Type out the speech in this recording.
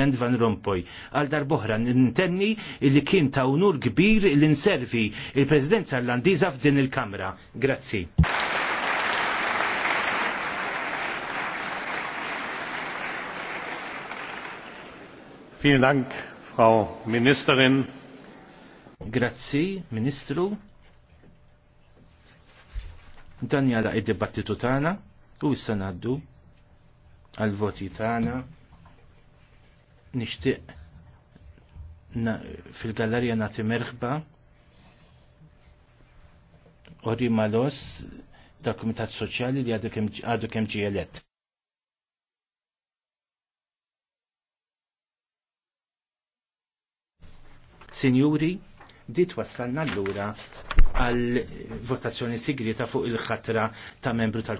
President Van Rompuy. Għal darboħra nintenni li kien ta' unur kbir li nservi il-Presidenza Irlandiża f'din il-Kamra. Grazzi. Vielen Dank, Frau Ministerin. Grazzi, Ministru. Dan jala id-dibattitu tagħna u issa ngħaddu għal-voti tagħna nixtieq na, fil-gallerija nagħti merħba Ori Malos dal Kumitat Soċjali li għadu kemm ġie elett. Sinjuri, dit wassalna l-lura għal votazzjoni sigrita fuq il-ħatra ta' membru tal